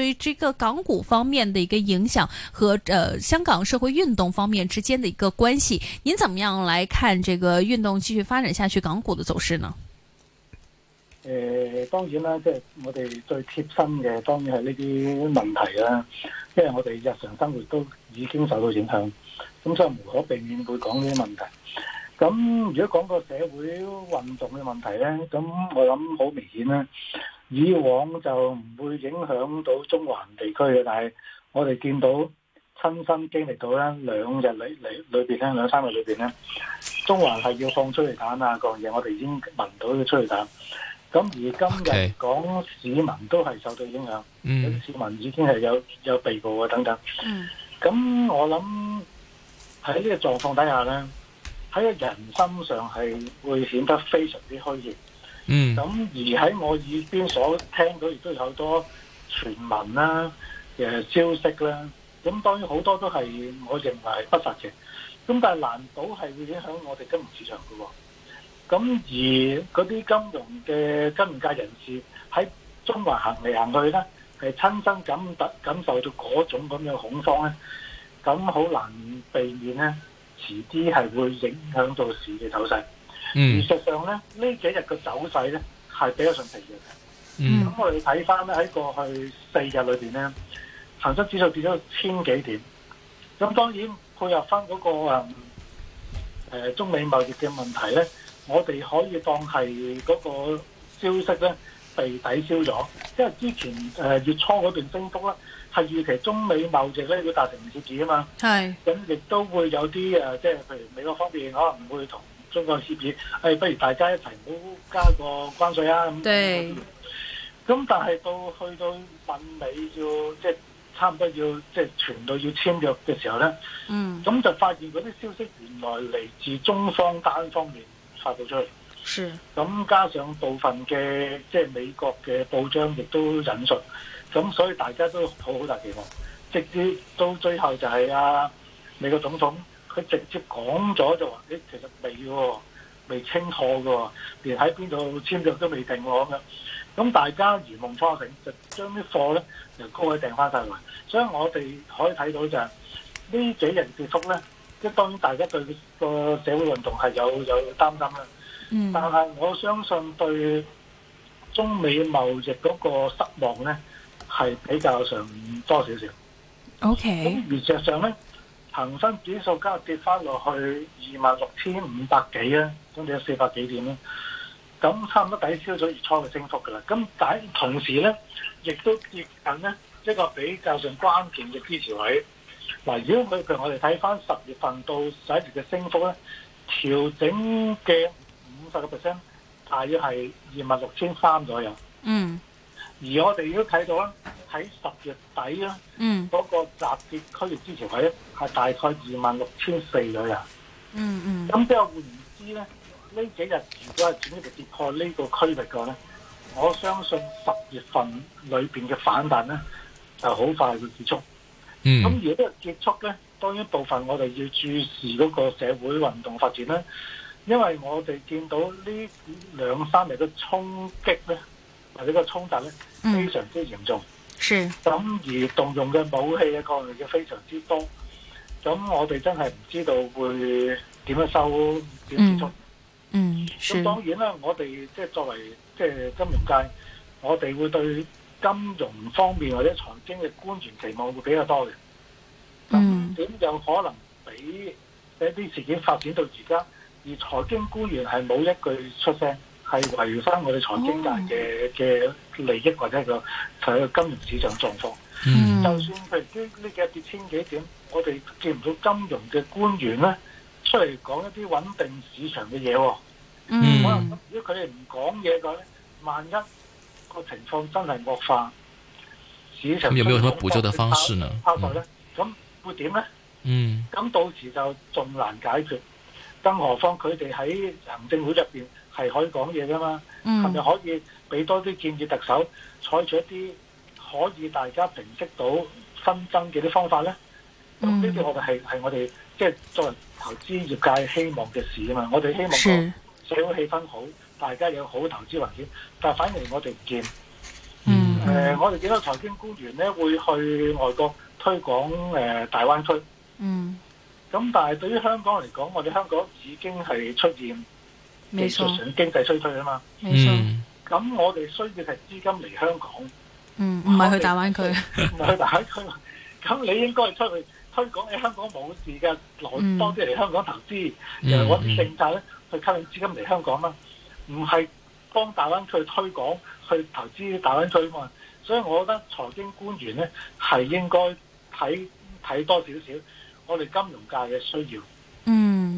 對於這個港股方面的一個影響和，呃，香港社會運動方面之間的一個關係，您怎麼樣來看這個運動繼續發展下去，港股的走勢呢？誒、呃，當然啦，即係我哋最貼身嘅，當然係呢啲問題啦、啊，因為我哋日常生活都已經受到影響，咁所以無可避免會講呢啲問題。咁如果講個社會運動嘅問題呢，咁我諗好明顯啦。以往就唔會影響到中環地區嘅，但係我哋見到親身經歷到咧，兩日裏裏裏邊咧，兩三日裏邊咧，中環係要放出嚟彈啊！嗰樣嘢我哋已經聞到啲催淚彈。咁而今日講市民都係受到影響，有啲市民已經係有有被捕啊等等。咁我諗喺呢個狀況底下咧，喺個人心上係會顯得非常之虛弱。嗯，咁而喺我耳邊所聽到亦都有好多傳聞啦，誒消息啦，咁當然好多都係我認為係不實嘅，咁但係難保係會影響我哋金融市場嘅，咁而嗰啲金融嘅金融界人士喺中環行嚟行去咧，係親身感得感受到嗰種咁樣恐慌咧，咁好難避免咧，遲啲係會影響到市嘅走勢。嗯、事實上咧，呢幾日嘅走勢咧係比較順利嘅。咁、嗯、我哋睇翻咧喺過去四日裏邊咧，恒生指數跌咗千幾點。咁當然配合翻、那、嗰個誒、呃、中美貿易嘅問題咧，我哋可以當係嗰個消息咧被抵消咗，因為之前誒、呃、月初嗰段升幅咧係預期中美貿易咧要達成協議啊嘛。係。咁亦都會有啲誒，即係譬如美國方面可能唔會同。中國協議，誒、哎，不如大家一齊唔好加個關稅啊！對，咁但係到去到問尾要，即係差唔多要，即係傳到要簽約嘅時候咧，嗯，咁就發現嗰啲消息原來嚟自中方單方面發布出去，是，咁、嗯、加上部分嘅即係美國嘅報章亦都引述，咁、嗯、所以大家都好好大期望，直至到最後就係啊美國總統。佢直接講咗就話，你、欸、其實未喎，未清楚嘅，連喺邊度簽約都未定妥嘅。咁、嗯、大家如夢初醒，就將啲貨咧由高位掟翻曬落嚟。所以我哋可以睇到就係、是、呢幾日跌幅咧，即係當然大家對個社會運動係有，有有擔心啦。但係我相信對中美貿易嗰個失望咧係比較上多少少。OK。咁現狀上咧？恒生指數今日跌翻落去二萬六千五百幾啊，總之有四百幾點啦。咁差唔多抵消咗月初嘅升幅噶啦。咁但同時咧，亦都接近咧一個比較上關鍵嘅支持位。嗱，如果佢譬如我哋睇翻十月份到十一月嘅升幅咧，調整嘅五十個 percent 大約係二萬六千三左右。嗯。而我哋都睇到啦，喺十月底啦，嗰、嗯、個集結區域之前位咧係大概二萬六千四左右。嗯嗯。咁之後換言之咧，呢幾日如果係點樣去跌破個區呢個區域嘅咧，我相信十月份裏邊嘅反彈咧就好快會結束。嗯。咁如果都結束咧，當然部分我哋要注視嗰個社會運動發展啦，因為我哋見到兩呢兩三日嘅衝擊咧。啊！呢個衝突咧非常之嚴重，是咁、嗯、而動用嘅武器嘅抗力嘅非常之多，咁我哋真係唔知道會點樣收點結束。嗯，咁當然啦，我哋即係作為即係金融界，我哋會對金融方面或者財經嘅官員期望會比較多嘅。嗯，點有可能俾一啲事件發展到而家，而財經官員係冇一句出聲。係維生我哋財經界嘅嘅利益，或者個佢個金融市場狀況。嗯，就算佢如啲呢幾日跌千幾點，我哋見唔到金融嘅官員咧出嚟講一啲穩定市場嘅嘢，哦。嗯，可能如果佢哋唔講嘢嘅咧，萬一個情況真係惡化，市場佢哋有冇什麼補救嘅方式呢？嗯，咁會點咧？嗯，咁到時就仲難解決，更何況佢哋喺行政會入邊。係可以講嘢噶嘛？係咪、嗯、可以俾多啲建議特首採取一啲可以大家平息到新增嘅啲方法咧？咁呢啲我哋係係我哋即係作為投資業界希望嘅事啊嘛！我哋希望個社會氣氛好，大家有好投資環境。但係反而我哋唔見，誒、嗯呃、我哋見到財經官員咧會去外國推廣誒、呃、大灣區。嗯。咁但係對於香港嚟講，我哋香港已經係出現。技術上經濟衰退啊嘛，咁錯我哋需要係資金嚟香港，唔係、嗯、去大灣區，唔係們 去大灣區。咁 你應該出去推廣，推你香港冇事嘅，嗯、多來多啲嚟香港投資，嗯、然後我哋政策咧去吸引資金嚟香港嘛。唔係幫大灣區推廣去投資大灣區嘛，所以我覺得財經官員咧係應該睇睇多少少我哋金融界嘅需要。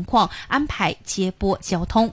情況安排接駁交通。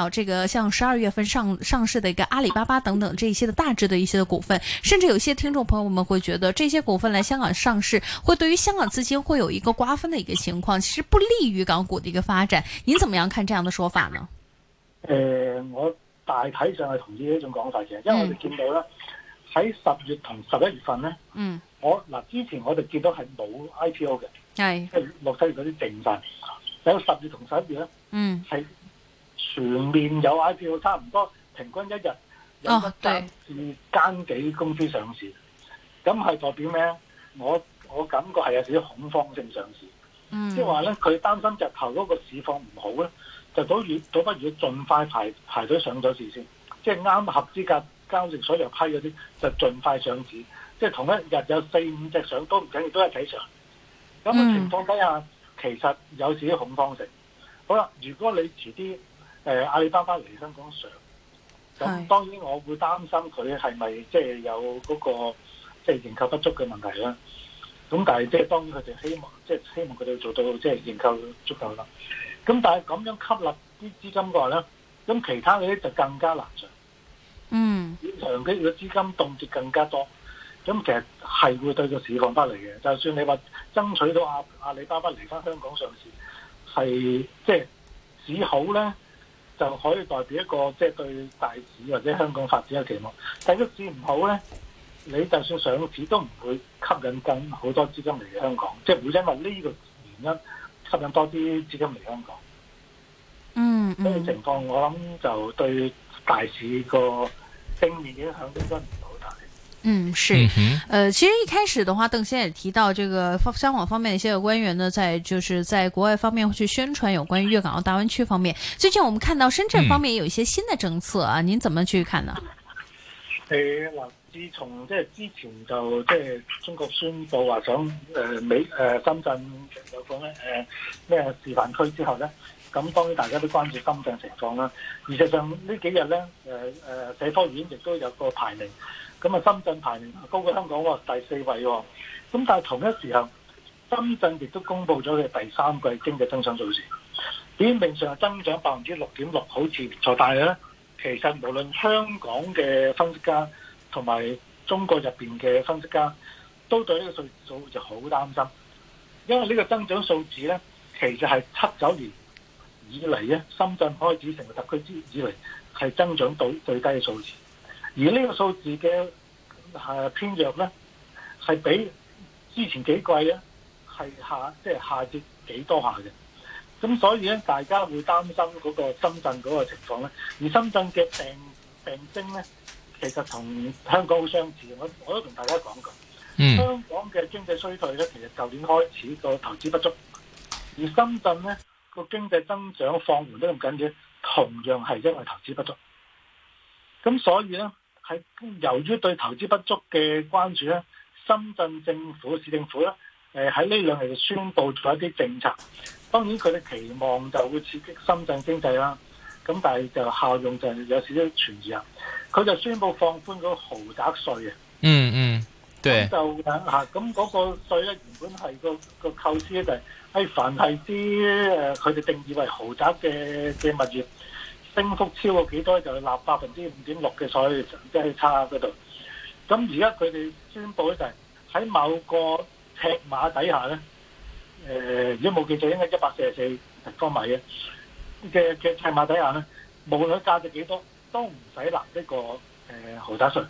這個像十二月份上上市的一個阿里巴巴等等，這些的大致的一些的股份，甚至有些聽眾朋友們會覺得這些股份來香港上市，會對於香港資金會有一個瓜分的一個情況，其實不利於港股的一個發展。你怎麼樣看這樣的說法呢？誒、呃，我大體上係同意一種講法，因為我哋見到咧喺十月同十一月份咧，嗯，我嗱之前我哋見到係冇 I P O 嘅，係、哎，即係落低嗰啲正份，喺十月同十一月咧，嗯，係。全面有 IPO，差唔多平均一日有三至間幾公司上市，咁係、哦、代表咩？我我感覺係有少少恐慌性上市，即係話咧，佢擔心日頭嗰個市況唔好咧，就倒不如倒不如盡快排排隊上咗市先，即係啱合資格，格、交易所又批嗰啲，就盡快上市。即係同一日有四五隻上，都唔緊要，都係睇上。咁、那、嘅、個、情況底下，嗯、其實有少少恐慌性。好啦，如果你遲啲。誒，阿里巴巴嚟香港上，咁是當然我會擔心佢係咪即係有嗰個即係認購不足嘅問題啦。咁但係即係當然佢哋希望，即係希望佢哋做到即係認購足夠啦。咁但係咁樣吸納啲資金嘅話咧，咁其他嗰啲就更加難上。嗯，長期嘅資金凍結更加多。咁其實係會對個市況不利嘅。就算你話爭取到阿阿里巴巴嚟翻香港上市，係即係市好咧。就可以代表一個即係、就是、對大市或者香港發展嘅期望，但個市唔好咧，你就算上市都唔會吸引咁好多資金嚟香港，即、就、係、是、會因為呢個原因吸引多啲資金嚟香港。嗯，呢、嗯、個情況我諗就對大市個正面影響應該唔。嗯，是，誒、呃，其實一開始的話，鄧先生也提到，這個香港方面的一些官員呢，在就是在國外方面去宣傳有關於粵港澳大灣區方面。最近我們看到深圳方面有一些新的政策啊，嗯、您怎麼去看呢？誒，嗱，自從即係之前就即係中國宣布話想誒、呃、美誒、呃、深圳有個咧誒咩示範區之後呢，咁當然大家都關注深圳情況啦。而事實上呢幾日呢，誒、呃、誒社科院亦都有個排名。咁啊，深圳排名高過香港喎，第四位喎。咁但係同一時候，深圳亦都公布咗佢第三季經濟增長數字，表面上增長百分之六點六，好似唔錯。但係咧，其實無論香港嘅分析家同埋中國入邊嘅分析家，都對呢個數字就好擔心，因為呢個增長數字咧，其實係七九年以嚟咧，深圳開始成為特區之以來，係增長到最低嘅數字。而呢個數字嘅誒、啊、偏弱咧，係比之前幾季咧係下即係下跌幾多下嘅，咁所以咧，大家會擔心嗰個深圳嗰個情況咧。而深圳嘅病病徵咧，其實同香港好相似。我我都同大家講過，嗯、香港嘅經濟衰退咧，其實舊年開始個投資不足，而深圳咧個經濟增長放緩得咁緊要，同樣係因為投資不足。咁所以咧。係由於對投資不足嘅關注咧，深圳政府、市政府咧，誒喺呢兩日就宣佈咗一啲政策。當然佢哋期望就會刺激深圳經濟啦。咁但係就效用就有少少存疑啊。佢就宣布放寬個豪宅稅啊。嗯嗯，對。就等吓，咁嗰個稅咧原本係個個構思、就係，支就係，係凡係啲誒佢哋定義為豪宅嘅嘅物業。升幅超過幾多就要納百分之五點六嘅稅，即、就、係、是、差嗰度。咁而家佢哋宣布就係喺某個尺碼底下咧，誒、呃，如果冇記錯應該一百四十四平方米嘅嘅尺碼底下咧，無論價值幾多都唔使納呢個誒豪宅稅。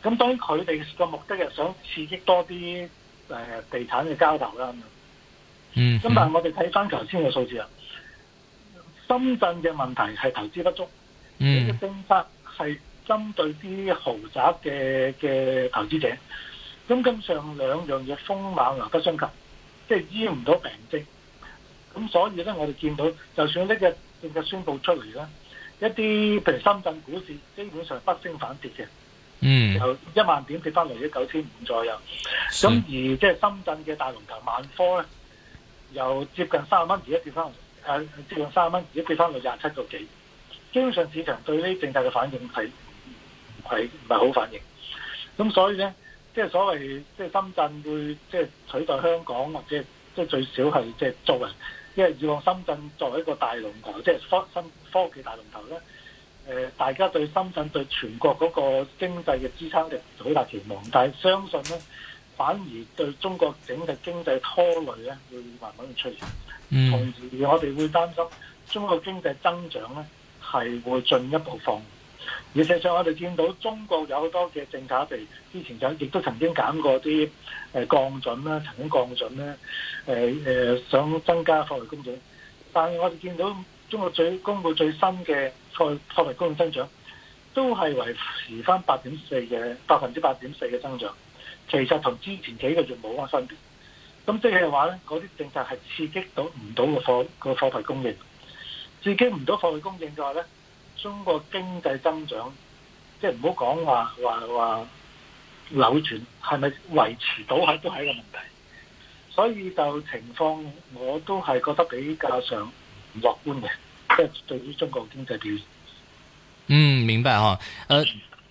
咁當然佢哋個目的係想刺激多啲誒地產嘅交投啦、嗯。嗯。咁但係我哋睇翻頭先嘅數字啊。深圳嘅問題係投資不足，呢、嗯、個政策係針對啲豪宅嘅嘅投資者。咁、嗯、跟上兩樣嘢風馬牛不相及，即係醫唔到病症。咁、嗯、所以咧，我哋見到，就算呢、這個政策、這個、宣布出嚟啦，一啲譬如深圳股市基本上不升反跌嘅，嗯、由一萬點跌翻嚟咗九千五左右。咁是而即係深圳嘅大龍頭萬科咧，由接近三十蚊而一跌翻即用三蚊，而家跌翻到廿七個幾。基本上市場對呢啲政策嘅反應係係唔係好反應。咁所以咧，即係所謂即係深圳會即係取代香港，或者即係最少係即係作為，因為以往深圳作為一個大龍頭，即係科新科技大龍頭咧，誒、呃、大家對深圳對全國嗰個經濟嘅支撐力就好大期望，但係相信咧。反而對中國整體經濟拖累咧，會慢慢出現。Mm. 同時，我哋會擔心中國經濟增長咧，係會進一步放緩。而事實上我哋見到中國有好多嘅政策，地之前就亦都曾經減過啲誒降準啦，曾經降準咧，誒、呃、誒、呃、想增加貨幣供應。但係我哋見到中國最公布最新嘅貨貨幣供應增長，都係維持返八點四嘅百分之八點四嘅增長。其實同之前幾個月冇乜分別，咁即係話咧，嗰啲政策係刺激到唔到個貨個貨幣供應，刺激唔到貨幣供應嘅話咧，中國經濟增長即係唔好講話話話扭轉，係咪維持到都係一個問題。所以就情況，我都係覺得比較上唔樂觀嘅，即係對於中國經濟表現。嗯，明白啊，誒、uh。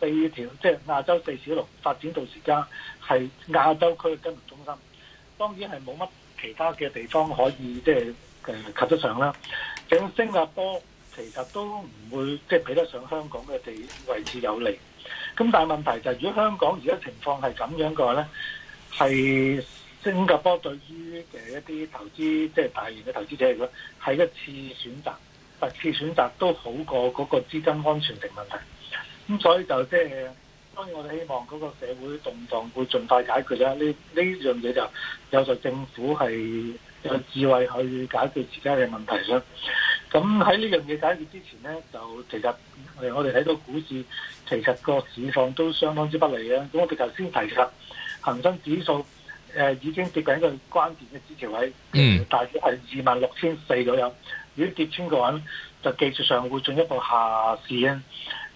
第二條即係、就是、亞洲四小龍發展到而家係亞洲區嘅金融中心，當然係冇乜其他嘅地方可以即係誒及得上啦。咁新加坡其實都唔會即係、就是、比得上香港嘅地位置有利。咁但係問題就係、是、如果香港而家情況係咁樣嘅話咧，係新加坡對於嘅一啲投資即係、就是、大型嘅投資者嚟講係一次選擇，特次選擇都好過嗰個資金安全性問題。咁所以就即、就、係、是，當然，我哋希望嗰個社會動盪會盡快解決啦。呢呢樣嘢就有助政府係有智慧去解決自家嘅問題啦。咁喺呢樣嘢解決之前咧，就其實我哋睇到股市其實個市況都相當之不利啦。咁我哋頭先提及恒生指數誒、呃、已經接近一個關鍵嘅支持位，嗯，大約係二萬六千四左右。如果跌穿嘅話，就技術上會進一步下市咧。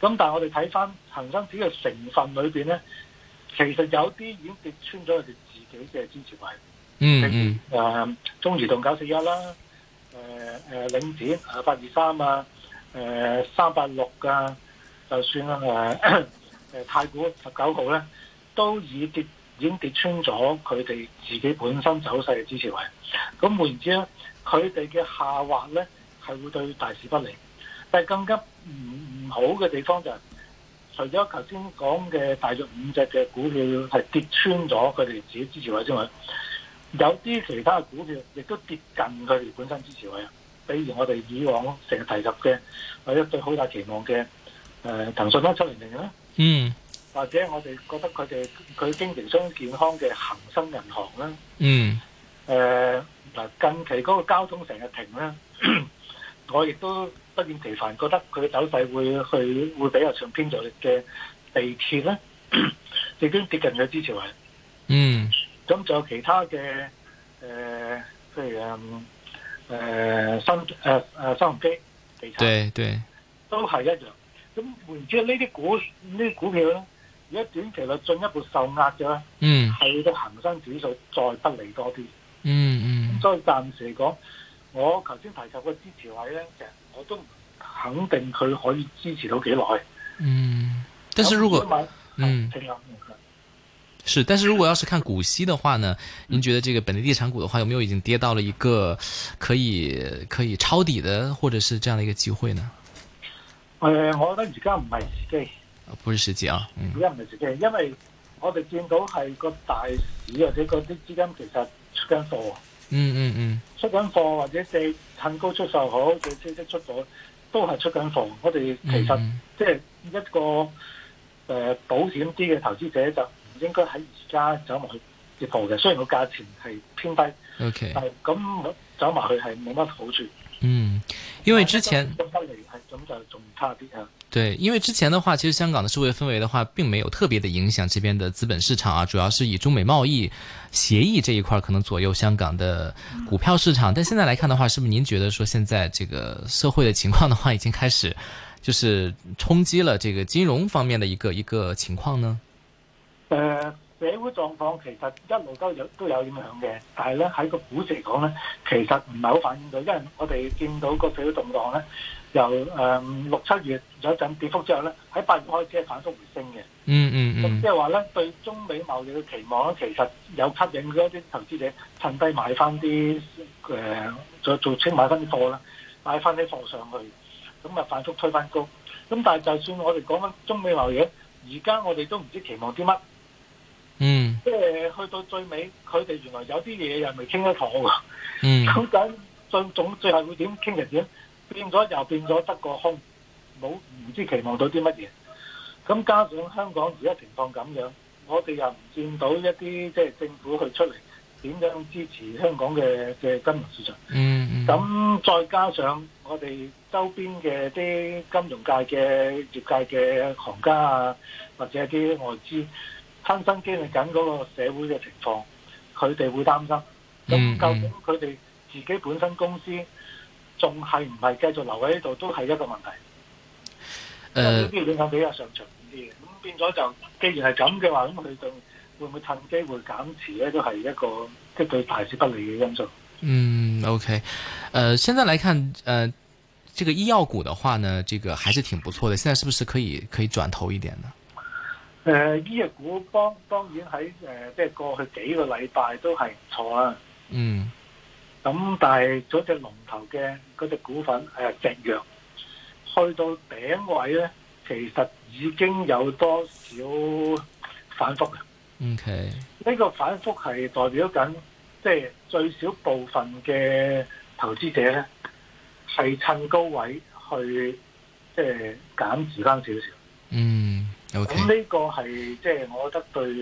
咁但係我哋睇翻恒生指嘅成分裏邊咧，其實有啲已經跌穿咗佢哋自己嘅支持位。嗯嗯。誒，中移動九四一啦，誒誒，領展啊，八二三啊，誒三八六啊，就算啊誒太古十九號咧，都已跌已經跌穿咗佢哋自己本身走勢嘅支持位。咁換言之，佢哋嘅下滑咧，係會對大市不利。但係更加唔唔好嘅地方就係、是，除咗頭先講嘅大約五隻嘅股票係跌穿咗佢哋自己支持位之外，有啲其他嘅股票亦都跌近佢哋本身支持位啊。比如我哋以往成日提及嘅或者對好大期望嘅誒、呃、騰訊啦、七零零啦，嗯，或者我哋覺得佢哋佢經營相健康嘅恒生銀行啦，嗯、mm. 呃，誒嗱近期嗰個交通成日停咧。咳咳我亦都不厭其煩，覺得佢嘅走勢會去會比較上偏左嘅地鐵咧，已經接近咗之前位。嗯，咁仲有其他嘅誒，譬、呃、如誒，新誒誒，鴻、呃、基地產。對對，對都係一樣。咁換言之呢啲股呢啲股票咧，如果短期內進一步受壓嘅咧，嗯，係個恒生指數再不利多啲。嗯嗯，所以暫時嚟講。我頭先提及個支持位咧，其實我都肯定佢可以支持到幾耐。嗯，但是如果嗯，嗯，是，但是如果要是看股息嘅話呢？您覺得這個本地地產股嘅話，有沒有已經跌到了一個可以可以抄底的，或者是這樣的一個機會呢？誒、呃，我覺得而家唔係時機，啊，不是時機啊，而家唔係時機，因為我哋見到係個大市或者嗰啲資金其實出緊貨。嗯嗯嗯，出緊貨或者四趁高出售好借車只出貨都係出緊貨。我哋，嗯嗯、其實即係一個誒，呃，保險啲嘅投資者就唔應該喺而家走埋去接貨嘅。雖然個價錢係偏低，OK，係咁走埋去係冇乜好處。嗯，因為之前翻嚟係咁就仲差啲啊。對，因為之前的話，其實香港的社會氛圍的話，並沒有特別地影響這邊的資本市場啊，主要是以中美貿易協議這一塊可能左右香港的股票市場。但現在來看的話，是不是您覺得說現在這個社會的情況的話，已經開始就是衝擊了這個金融方面的一個一個情況呢？誒、呃，社會狀況其實一路都有都有影響嘅，但係呢，喺個股市嚟講呢，其實唔係好反映到，因為我哋見到個社會動盪呢。由誒、嗯、六七月有一陣跌幅之後咧，喺八月開始係反覆回升嘅。嗯嗯嗯，即係話咧，對中美貿易嘅期望咧，其實有吸引咗一啲投資者趁低買翻啲誒，再、呃、做，做清買翻啲貨啦，買翻啲貨上去，咁啊反覆推翻高。咁但係就算我哋講翻中美貿易，而家我哋都唔知期望啲乜。嗯、mm, mm. 呃。即係去到最尾，佢哋原來有啲嘢又未傾得妥㗎。Mm. 嗯。咁緊最總最後會點傾日子變咗又變咗得個空，冇唔知期望到啲乜嘢。咁加上香港而家情況咁樣，我哋又唔見到一啲即係政府去出嚟點樣支持香港嘅嘅金融市場。嗯、mm，咁、hmm. 再加上我哋周邊嘅啲金融界嘅業界嘅行家啊，或者一啲外資，親身經歷緊嗰個社會嘅情況，佢哋會擔心。咁究竟佢哋自己本身公司仲係唔係繼續留喺呢度都係一個問題。誒、呃，啲影響比較上長遠啲嘅，咁變咗就，既然係咁嘅話，咁佢就會唔會趁機會減持呢？都係一個即係對大市不利嘅因素。嗯，OK，誒、呃，現在嚟看誒、呃，這個醫藥股嘅話呢，呢、這個還是挺不錯嘅。現在是不是可以可以轉投一點呢？誒、呃，醫藥股當當然喺誒，即、呃、係、就是、過去幾個禮拜都係唔錯啊。嗯。咁但係嗰隻龍頭嘅嗰隻股份，誒、啊，隻藥，去到頂位咧，其實已經有多少反覆嘅。OK，呢個反覆係代表緊，即係最少部分嘅投資者咧，係趁高位去，即係減持翻少少。嗯，OK。咁呢個係即係我覺得對，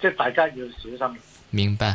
即係大家要小心。明白。